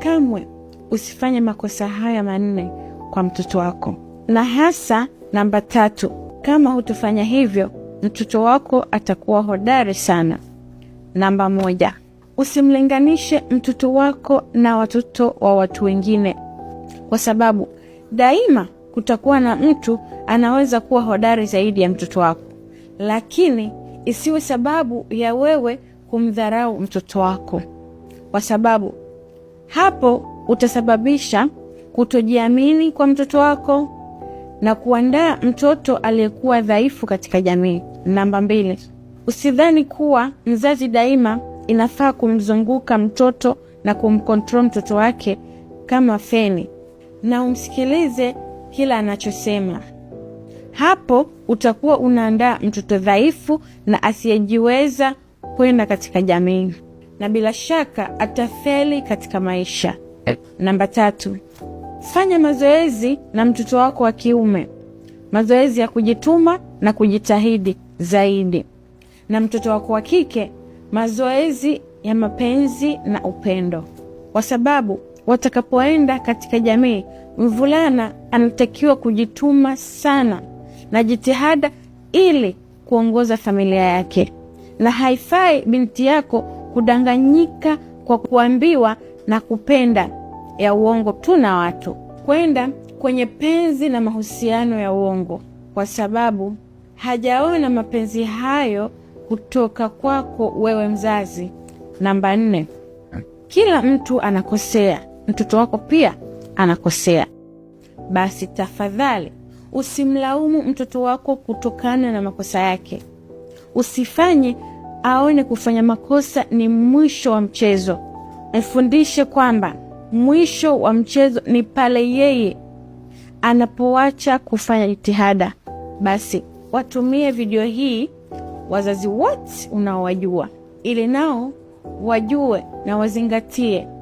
kamwe usifanye makosa haya manne kwa mtoto wako, na hasa namba tatu. Kama hutofanya hivyo, mtoto wako atakuwa hodari sana. Namba moja, usimlinganishe mtoto wako na watoto wa watu wengine, kwa sababu daima kutakuwa na mtu anaweza kuwa hodari zaidi ya mtoto wako, lakini isiwe sababu ya wewe kumdharau mtoto wako, kwa sababu hapo utasababisha kutojiamini kwa mtoto wako na kuandaa mtoto aliyekuwa dhaifu katika jamii. Namba mbili, usidhani kuwa mzazi daima inafaa kumzunguka mtoto na kumkontrol mtoto wake kama feni, na umsikilize kila anachosema. Hapo utakuwa unaandaa mtoto dhaifu na asiyejiweza kwenda katika jamii na bila shaka atafeli katika maisha. Eh. Namba tatu, fanya mazoezi na mtoto wako wa kiume, mazoezi ya kujituma na kujitahidi zaidi, na mtoto wako wa kike mazoezi ya mapenzi na upendo, kwa sababu watakapoenda katika jamii, mvulana anatakiwa kujituma sana na jitihada ili kuongoza familia yake, na haifai binti yako kudanganyika kwa kuambiwa na kupenda ya uongo tu na watu, kwenda kwenye penzi na mahusiano ya uongo, kwa sababu hajaona mapenzi hayo kutoka kwako wewe mzazi. Namba nne, kila mtu anakosea, mtoto wako pia anakosea. Basi tafadhali usimlaumu mtoto wako kutokana na makosa yake, usifanye aone kufanya makosa ni mwisho wa mchezo. Mfundishe kwamba mwisho wa mchezo ni pale yeye anapoacha kufanya jitihada. Basi watumie video hii wazazi wote unaowajua, ili nao wajue na wazingatie.